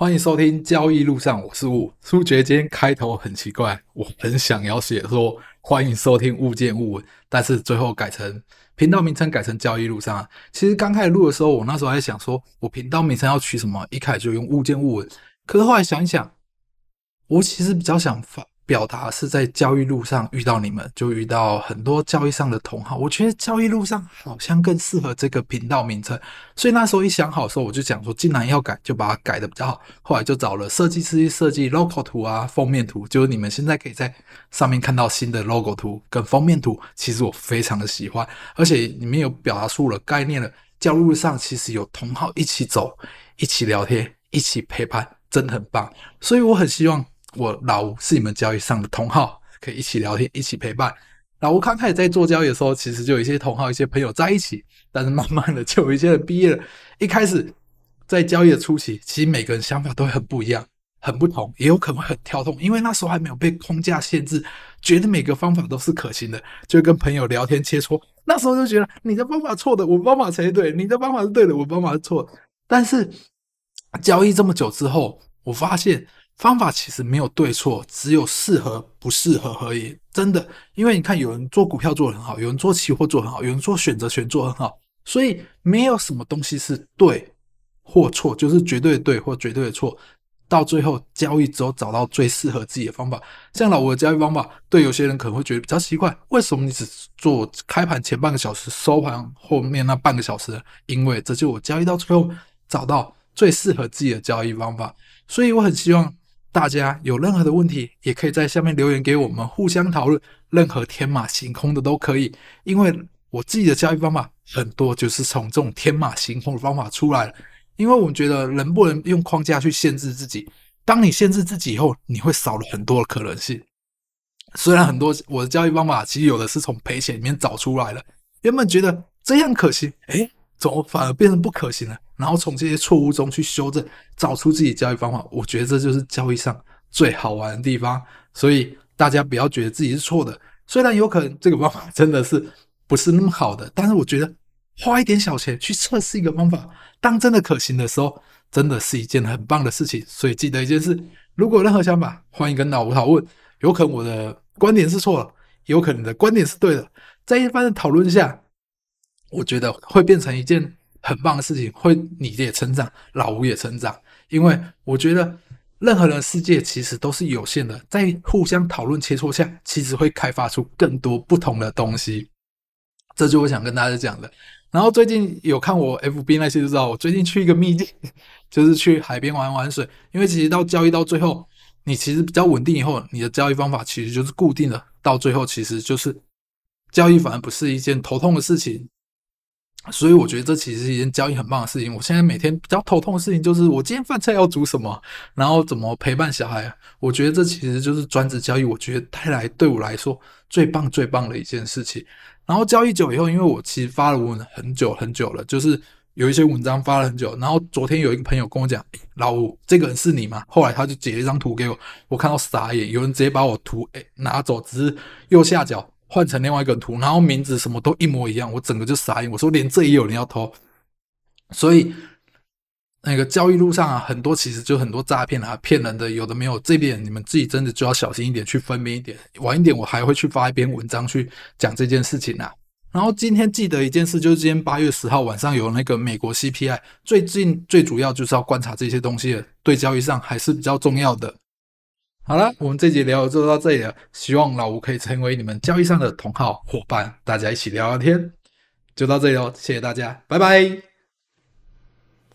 歡迎收聽交易路上，我是吳。蘇決今天開頭很奇怪，我很想要寫說歡迎收聽物件物聞，但是最後改成頻道名稱改成交易路上。其實剛開始錄的時候，我那時候還在想說，我頻道名稱要取什麼，一開始就用物件物聞，可是後來想一想，我其實比較想發。表達是在交易路上遇到你們，就遇到很多交易上的同好。我覺得交易路上好像更適合這個頻道名稱，所以那時候一想好的時候我就講說，既然要改，就把它改的比較好。後來就找了設計師設計 logo 圖啊，封面圖，就是你們現在可以在上面看到新的 logo 圖跟封面圖。其實我非常的喜歡，而且你們有表達出了概念了。交易路上其實有同好一起走，一起聊天，一起陪伴，真的很棒。所以我很希望。我老吳是你們交易上的同好，可以一起聊天，一起陪伴。老吳剛開始在做交易的時候，其實就有一些同好、一些朋友在一起。但是慢慢的，就有一些人畢業了。一開始在交易的初期，其實每個人想法都很不一樣，很不同，也有可能會很跳動，因為那時候還沒有被框架限制，覺得每個方法都是可行的，就跟朋友聊天切磋。那時候就覺得你的方法錯的，我方法才對；你的方法是對的，我方法是錯的。但是交易這麼久之後，我發現。方法其實沒有對錯，只有適合不適合合而已。真的，因為你看，有人做股票做得很好，有人做期貨做得很好，有人做選擇權做得很好，所以沒有什麼東西是對或錯，就是絕對的對或絕對的錯。到最後，交易之後找到最適合自己的方法。像老吳的交易方法，對有些人可能會覺得比較奇怪，為什麼你只做開盤前半個小時，收盤後面那半個小時？因為這就我交易到最後找到最適合自己的交易方法。所以我很希望。大家有任何的問題，也可以在下面留言給我們，互相討論。任何天馬行空的都可以，因為我自己的交易方法很多，就是從這種天馬行空的方法出來了。因為我們覺得人不能用框架去限制自己，當你限制自己以後，你會少了很多的可能性。雖然很多我的交易方法，其實有的是從賠錢裡面找出來的。原本覺得這樣可行，欸怎麼反而變成不可行了？然後從這些錯誤中去修正，找出自己交易方法。我覺得這就是交易上最好玩的地方。所以大家不要覺得自己是錯的，雖然有可能這個方法真的是不是那麼好的，但是我覺得花一點小錢去測試一個方法，當真的可行的時候，真的是一件很棒的事情。所以記得一件事：如果有任何想法，歡迎跟老吳討論。有可能我的觀點是錯了，有可能你的觀點是對的，在一番的討論下。我覺得會變成一件很棒的事情，會你也成長，老吳也成長。因為我覺得任何人的世界其實都是有限的，在互相討論切磋下，其實會開發出更多不同的東西。這就我想跟大家講的。然後最近有看我 FB 那些，就知道我最近去一個秘境，就是去海邊玩玩水。因為其實到交易到最後，你其實比較穩定以後，你的交易方法其實就是固定的。到最後，其實就是交易反而不是一件頭痛的事情。所以我覺得這其實是一件交易很棒的事情。我現在每天比較頭痛的事情就是我今天飯菜要煮什麼，然後怎麼陪伴小孩。我覺得這其實就是專職交易，我覺得帶來對我來說最棒最棒的一件事情。然後交易久以後，因為我其實發了文很久很久了，就是有一些文章發了很久。然後昨天有一個朋友跟我講：“老吳，這個人是你嗎？”後來他就截了一張圖給我，我看到傻眼，有人直接把我圖哎拿走，只是右下角。換成另外一個圖，然後名字什麼都一模一樣，我整個就傻眼。我說連這也有人要偷，所以那個交易路上啊，很多其實就很多詐騙啊、騙人的，有的沒有，這邊，你們自己真的就要小心一點，去分辨一點。晚一點我還會去發一篇文章去講這件事情啊。然後今天記得一件事，就是今天八月十號晚上有那個美國 CPI，最近最主要就是要觀察這些東西，對交易上還是比較重要的。好啦，我們這節聊就到這裡了。希望老吳可以成為你們交易上的同好夥伴，大家一起聊聊天。就到這裡嘍，謝謝大家，拜拜。